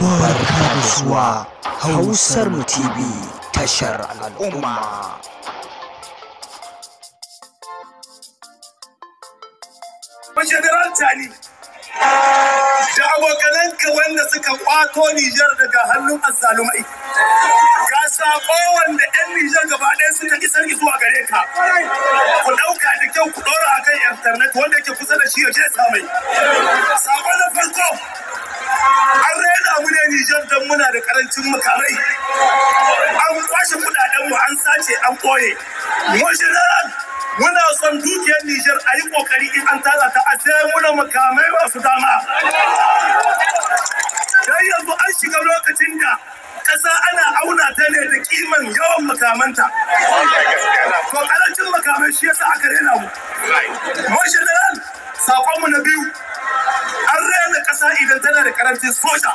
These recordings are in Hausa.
barka da zuwa hausar mu tv tashar al'umma General Tani da abokananka wanda suka kwato Nijar daga hannun azzalumai ga sako wanda 'yan Nijar gaba ɗaya suka sarki zuwa gare ka ku ɗauka da kyau ku ɗora a kan internet wanda ke kusa da shi ya je samai sabo na farko raina mu ne Nijar don muna da karancin makarai an kwashe kudaden mu an sace an koye moshirar muna son dukiyar Nijar a yi kokari in an tara ta a sai muna makamai masu dama dai yanzu an shiga lokacin da ƙasa ana auna ta ne da kiman yawan makamanta to karancin makamai shi yasa aka rena mu moshirar sakonmu na biyu an rena ƙasa idan tana da karancin soja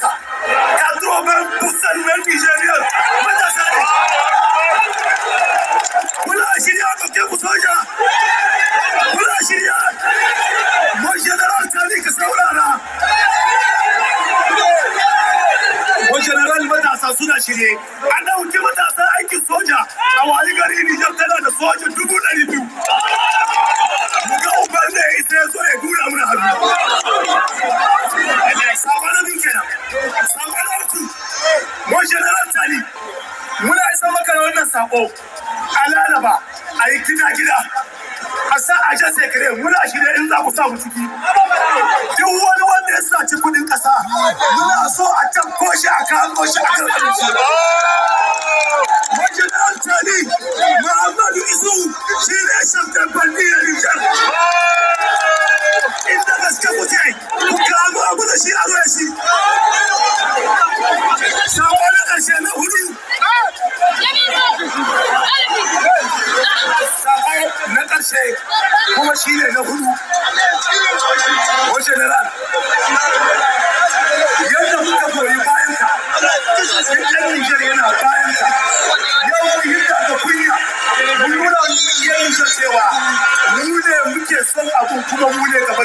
duk wani wanda ya saci kudin ƙasa, muna so a tabbo shi a kawo shi a karkar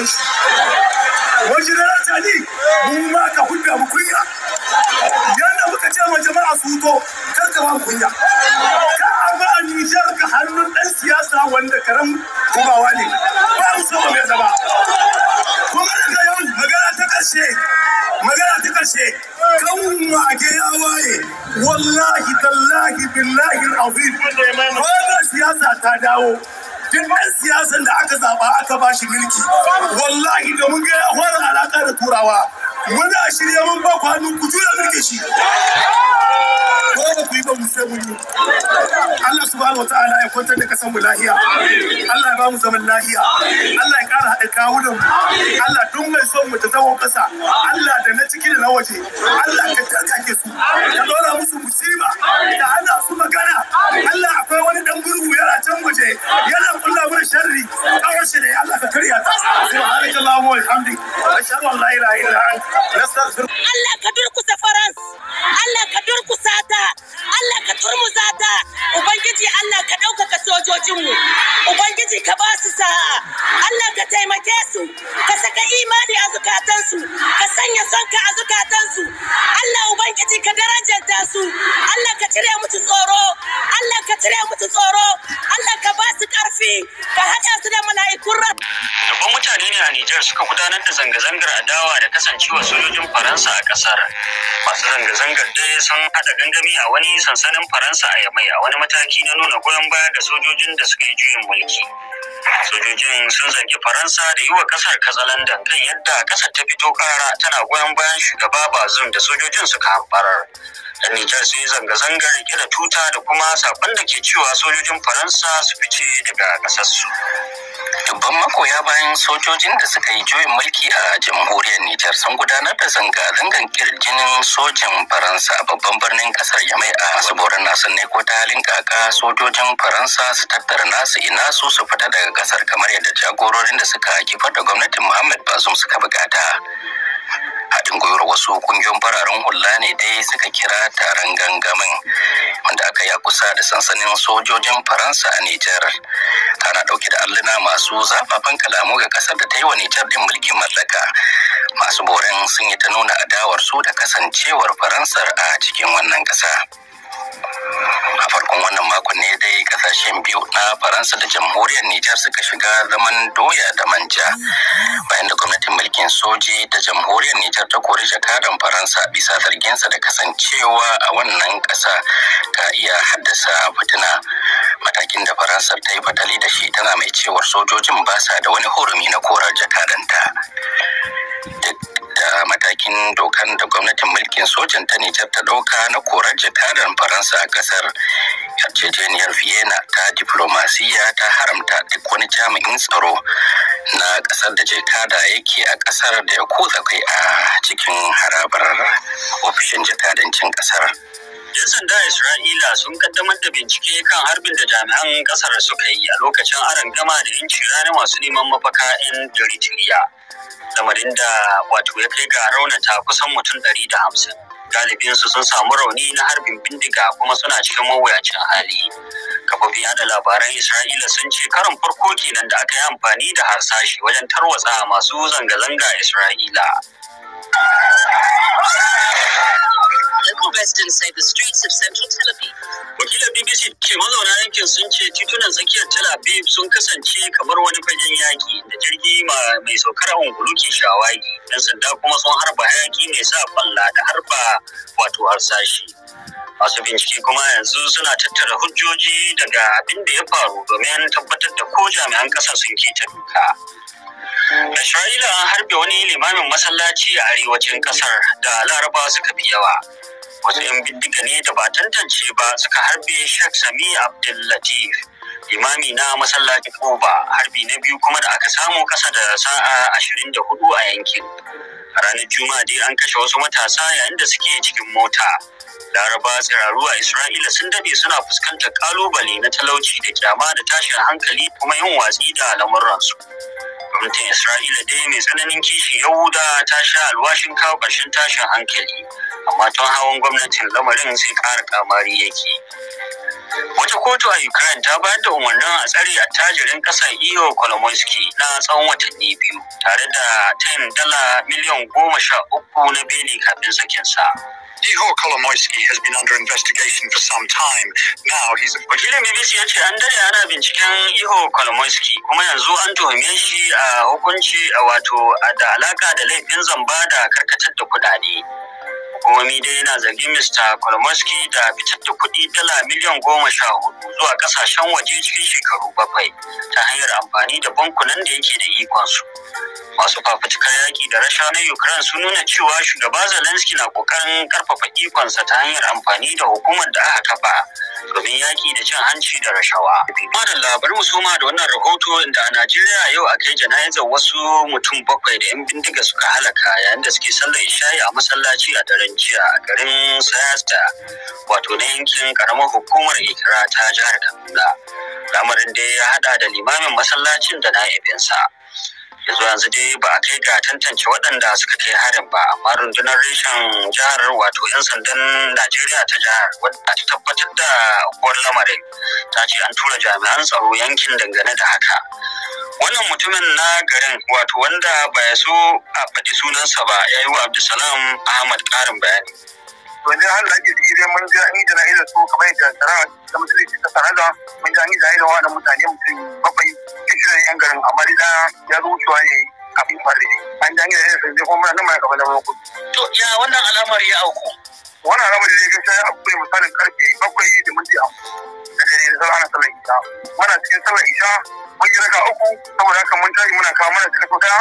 baban shi da general tani mun ma ka hudda mu kunya yadda muka ce ma jama'a su to kar ka ba mu kunya ka amma a Nijar ga hannun ɗan siyasa wanda karam kubawa ne ba mu saba mai zama kuma daga yau magana ta ƙarshe magana ta ƙarshe kan mage ya waye wallahi tallahi billahi al'azim wannan siyasa ta dawo duk siyasan da aka zaba aka ba shi mulki wallahi da mun ga ya fara alaka da turawa a shirye mun ba ku hannu ku jura mulki shi Allah subhanahu wa ta'ala ya kwantar da kasan mu lahiya Allah ba mu zaman lafiya Allah ya ƙara haɗa kawunan mu Allah duk mai son mu ta zama ƙasa Allah da na ciki da na waje Allah ka tarkake su ka ɗora musu musiba da hana su magana Allah akwai wani ɗan gurgu yana can waje yana kulla mana sharri kawashe da ya Allah ka karya ta subhanaka allahumma wa bihamdik ashhadu an la ilaha illa anta Allah ka durkusa farans Allah ka durkusa ta Allah ka turmuza ta ubangiji gwamnatocinmu ubangiji ka ba su sa'a Allah ka taimake su ka saka imani a zukatansu ka sanya sonka a zukatansu Allah ubangiji ka darajanta su Allah ka cire mutu tsoro Allah ka cire musu tsoro Allah ka ba su karfi ka haɗa su da mala'ikun ran Dabban mutane ne a Nijar suka gudanar da zanga-zangar adawa da kasancewa sojojin Faransa a ƙasar. masu zanga-zangar dai sun haɗa gangami a wani sansanin faransa a yamai a wani mataki na nuna goyon baya da sojojin da suka yi juyin mulki sojojin sun zargi faransa da yi wa kasar katsalandan kan yadda kasar ta fito kara tana goyon bayan shugaba bazum da sojojin suka hambarar 'yan Nijar sun yi zanga-zangar rike da tuta da kuma sakon da ke cewa sojojin Faransa su fice daga ƙasarsu. Dubban makoya bayan sojojin da suka yi juyin mulki a jamhuriyar Nijar sun gudanar da zanga-zangan kirjinin sojin Faransa a babban birnin ƙasar Yamai a saboda nasu ne ko ta halin kaka sojojin Faransa su tattara nasu ina su su fita daga ƙasar kamar yadda jagororin da suka kifar da gwamnatin Muhammad Bazoum suka bukata. haɗin gwiwar wasu ƙungiyoyin fararen hula ne dai suka kira taron gangamin wanda aka ya kusa da sansanin sojojin faransa a nijar tana ɗauke da alluna masu zafafan kalamu ga ƙasar da ta yi wa nijar ɗin mulkin mallaka masu boren sun yi ta nuna adawar su da kasancewar faransar a cikin wannan ƙasa. a farkon wannan makon ne dai kasashen biyu na faransa da jamhuriyar nijar suka shiga zaman doya da manja bayan da gwamnatin mulkin soji da jamhuriyar nijar ta kori jakadan faransa bisa zarginsa da kasancewa a wannan ƙasa ta iya haddasa fitina matakin da faransa ta yi fatali da shi tana mai cewar sojojin ba sa da wani hurumi na korar jakadanta matakin dokan da gwamnatin mulkin sojan ta Nijar ta ɗauka na korar jakadan Faransa a ƙasar. Yarjejeniyar Vienna ta diplomasiya ta haramta duk wani jami'in tsaro na ƙasar da jakada yake a ƙasar da ya kutsa kai a cikin harabar ofishin jakadancin ƙasar. 'Yan sanda Isra'ila sun kaddamar da bincike kan harbin da jami'an kasar suka yi a lokacin aron gama da 'yanci ranar masu neman mafaka in Eritrea. Lamarin da wato ya kai ga raunata kusan mutum ɗari da hamsin. Galibinsu sun samu rauni na harbin bindiga kuma suna cikin mawuyacin hali. Kafofin yada labaran Isra'ila sun ce karin farko kenan da aka yi amfani da harsashi wajen tarwatsa masu zanga-zanga Isra'ila. local residents say the streets of central Tel Aviv. Wakilan BBC ce mazauna yankin sun ce titunan tsakiyar Tel Aviv sun kasance kamar wani fagen yaki da jirgi mai saukar ungulu ke shawagi. Yan sanda kuma sun harba hayaki mai sa balla da harba wato harsashi. Masu bincike kuma yanzu suna tattara hujjoji daga abin da ya faru domin tabbatar da ko jami'an ƙasa sun ta doka. Isra'ila an harbe wani limamin masallaci a arewacin ƙasar da Laraba suka fi yawa. wasu 'yan bindiga ne da ba tantance ba suka harbe Sheikh Sami Abdul Latif. Imami na masallacin Koba harbi na biyu kuma da aka samu kasa da sa'a ashirin da hudu a yankin. A ranar Juma'a dai an kashe wasu matasa yayin da suke cikin mota. Laraba tsiraru a Isra'ila sun dade suna fuskantar kalubale na talauci da kyama da tashin hankali kuma yin watsi da lamuransu. Gwamnatin Isra'ila dai mai tsananin kishi Yahuda ta sha alwashin kawo ƙarshen tashin hankali, amma tun hawan gwamnatin lamarin sai ƙara kamari yake. Wata kotu a Ukraine ta bayar da umarnin a tsare tajirin ƙasar Iyo kolomoski na tsawon watanni biyu, tare da tayin dala miliyan goma sha uku na beli kafin sakinsa. Ihor Kolomoisky has been under investigation for some time. Now he's a... Wakilin BBC ya ce an dare ana binciken Ihor Kolomoisky kuma yanzu an tuhume shi a hukunci a wato da alaka da laifin zamba da karkatar da kudade. Hukumomi dai yana zargi Mr. Kolomoisky da fitar da kuɗi dala miliyan goma sha hudu zuwa ƙasashen waje cikin shekaru bakwai ta hanyar amfani da bankunan da yake da su masu fafutukar yaƙi da rasha na ukraine sun nuna cewa shugaba zelensky na ƙoƙarin ƙarfafa ikonsa ta hanyar amfani da hukumar da aka kafa domin yaƙi da cin hanci da rashawa. Madan labarin musoma da wannan rahoto inda a Najeriya yau a kai jana'izar wasu mutum bakwai da 'yan bindiga suka halaka yayin da suke sallar ishayi a masallaci a daren jiya a garin Sayasta wato na yankin karamar hukumar Ikira ta jihar Kaduna. Lamarin da ya haɗa da limamin masallacin da na'ibinsa. ya yanzu dai ba a kai ga tantance waɗanda suka kai harin ba amma rundunar reshen jihar wato 'yan sandan najeriya ta jihar wadda ta tabbatar da uwar lamari. ta ce an tura jami'an tsaro yankin dangane da haka wannan mutumin na garin wato wanda ba ya so a faɗi sunansa ba ya yi wa abdulsalam ahmad ƙarin bayani yanzu har da ake ciki dai mun ji ni jana'iza su kamar yadda sarawa da musulunci ta tsara mun ji ni wa wa'annan mutane mutum bakwai ishirin yan garin amma da ya zo wucewa ya yi kafin fari an ji an yi jana'iza sun kuma muna nan mana kamar da mun to ya wannan alamar ya auku wannan alamar da ya gaisa ya auku misalin karfe bakwai da minti hamsin da dare da sallah ana sallar isha muna cikin sallar isha mun yi raka uku saboda haka mun tashi muna kawo mana cikin kuka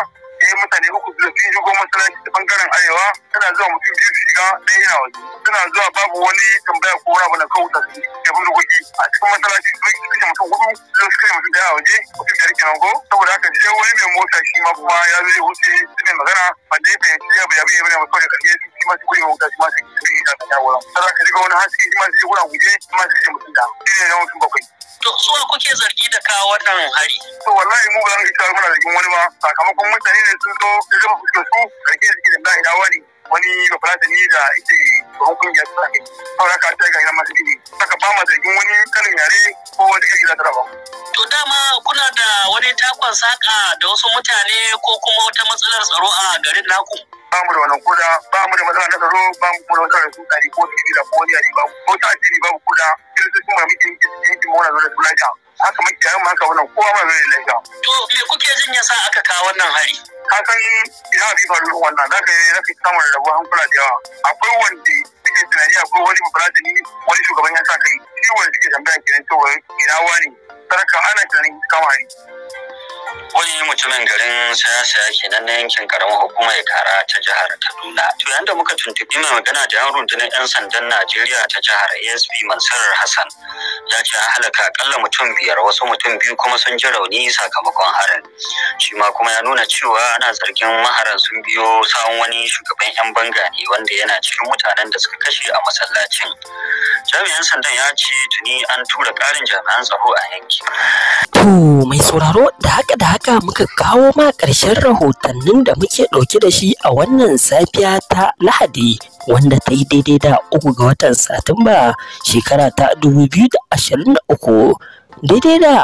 sai mutane uku da sun shigo masallaci ta bangaren arewa tana zuwa mutum biyu su shiga ɗaya yana waje suna zuwa babu wani tambaya ko wani abu na kawo tafi su ke bin gudu a cikin masallaci sun yi kashe mutum hudu sun kashe mutum ɗaya waje mutum biyar kenan ko saboda haka sai wani mai mota shi ma kuma ya zo ya wuce su ne magana ba dai fahimci ya abin bane ba kawai karshe shi ma shi gudun wuta shi ma shi shi ya ta wurin sai ka riga wani haske shi ma shi gudun guje shi ma shi mutum da shi ne bakwai to su kuke zargi da kawo wannan hari to wallahi mu ba za mu isa muna wani ba sakamakon mutane ne sun zo su zama fuskar su karshe suke da la'ila wani wani bafalatani da ita shugaban kungiyar fulani saboda ka ta gaya masu ilimi saka ba ma zargin wani kanin yare ko wani iri na ba. to dama kuna da wani takon saka da wasu mutane ko kuma wata matsalar tsaro a garin naku. ba mu da wannan koda ba mu da matsalar na tsaro ba mu da matsalar su tsari ko su gida ko wani yare ba ko ta addini ba mu koda irin su kuma mutum yankin mu wani zo da su lafiya haka ma mu haka wannan kowa ma zai lafiya. to me kuke jin ya sa aka kawo wannan hari. ka san idan abin faru irin wannan za ka yi rafi samun rabu hankula da yawa akwai wanda suke tunani akwai wani ni wani shugaban ya sa kai shi wanda suke tambaya kenan cewa ina wani sarka ana tunanin kama ne wani mutumin garin saya-saya kenan na yankin karamar hukumar kara ta jihar kaduna to yanda muka tuntubi mai magana da yan rundunar yan sandan najeriya ta jihar asp mansur hassan ya ce an halaka akalla mutum biyar wasu mutum biyu kuma sun ji rauni sakamakon harin shi ma kuma ya nuna cewa ana zargin maharan sun biyo sawun wani shugaban yan banga ne wanda yana cikin mutanen da suka kashe a masallacin jami'an sandan ya ce tuni an tura karin jami'an tsaro a yanki to mai sauraro da haka da haka muka kawo ma ƙarshen rahotannin da muke ɗauke da shi a wannan safiya ta lahadi wanda ta yi daidai da uku ga watan Satumba shekara ta 2023 daidai da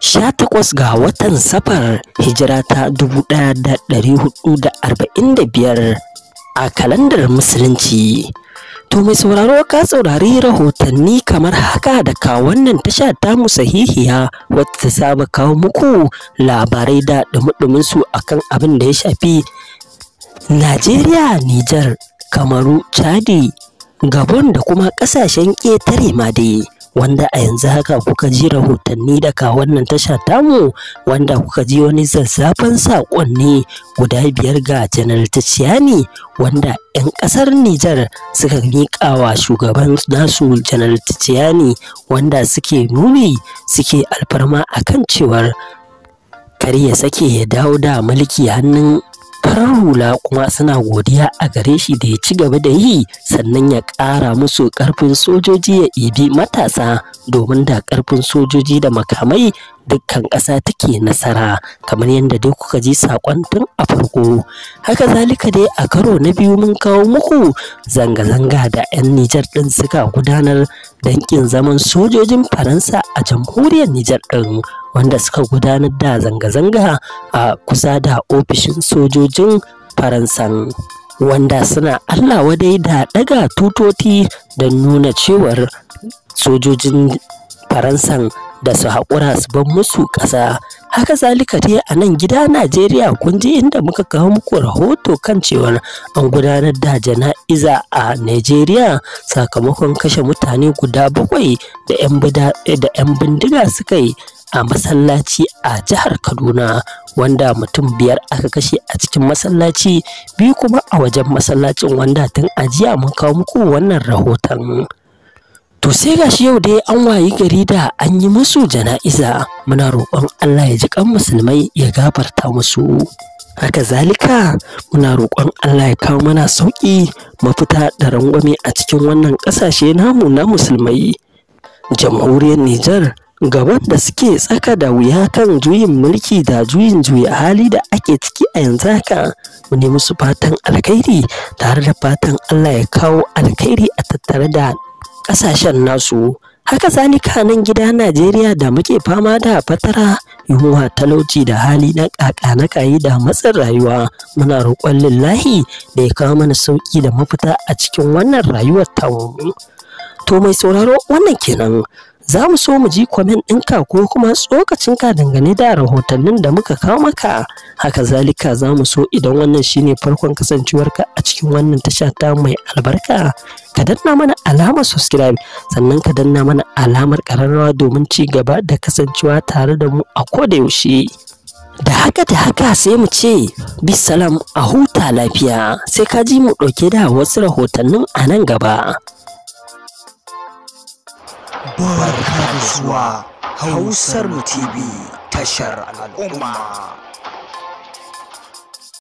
18 ga watan safar hijira ta 1445 a kalandar musulunci to mai sauraro ka saurari rahotanni kamar haka da ka wannan tasha ta sahihiya wata ta saba kawo muku labarai da dumi su akan abin da ya shafi Najeriya, Nijar kamaru chadi gabon da kuma ƙasashen ƙetare ma dai wanda a yanzu haka kuka ji rahotanni daga wannan tasha tamu wanda kuka ji wani zazzafan ne guda biyar ga janar ciyani wanda 'yan ƙasar Nijar suka miƙa wa shugaban nasu janar ciyani wanda suke nuni suke alfarma akan cewar kar ya sake ya dawo da mulki hannun farar kuma suna godiya a gare shi da ya ci gaba da yi sannan ya ƙara musu ƙarfin sojoji ya ibi matasa domin da ƙarfin sojoji da makamai dukkan ƙasa take nasara kamar yadda dai kuka ji saƙon tun a farko haka zalika dai a karo na biyu mun kawo muku zanga-zanga da 'yan nijar ɗin suka gudanar dankin zaman sojojin faransa a jamhuriyar nijar ɗin wanda suka gudanar da zanga-zanga a kusa da ofishin sojojin faransan wanda suna allah wadai da daga tutoti don nuna cewar sojojin faransan da su haƙura su bar musu ƙasa haka zalika dai a nan gida najeriya kun ji inda muka kawo muku rahoto kan cewar an gudanar da jana'iza a najeriya sakamakon kashe mutane guda bakwai da 'yan bindiga suka yi a masallaci a jihar kaduna wanda mutum biyar aka kashe a cikin masallaci biyu kuma a wajen masallacin wanda tun ajiya mun kawo muku wannan rahoton To sai gashi yau dai an wayi gari da an yi musu jana'iza muna roƙon Allah ya ji kan musulmai ya gafarta musu. Haka zalika muna roƙon Allah ya kawo mana sauƙi mafita da rangwame a cikin wannan ƙasashe namu na musulmai. Jamhuriyar Nijar gaban da suke tsaka da wuya kan juyin mulki da juyin juya hali da ake ciki a yanzu haka mu nemi su fatan alkhairi tare da fatan Allah ya kawo alkhairi a tattare da ƙasashen nasu haka zalika nan gida najeriya da muke fama da fatara yunwa talauci da hali na ƙaƙa na kayi da matsin rayuwa muna roƙon lillahi da ya kawo mana sauƙi da mafita a cikin wannan rayuwar tamu to mai sauraro wannan kenan za mu so mu ji kwamen ɗinka ko kuma tsokacinka dangane da rahotannin da muka kawo maka haka zalika za mu so idan wannan shine farkon kasancewarka a cikin wannan tasha ta mai albarka ka danna mana alamar subscribe sannan ka danna mana alamar ƙararrawa domin ci gaba da kasancewa tare da mu a koda yaushe da haka da haka sai mu ce bisalam a huta lafiya sai ka ji mu ɗauke da wasu rahotannin a nan gaba barka da zuwa hausar mu tv tashar al'umma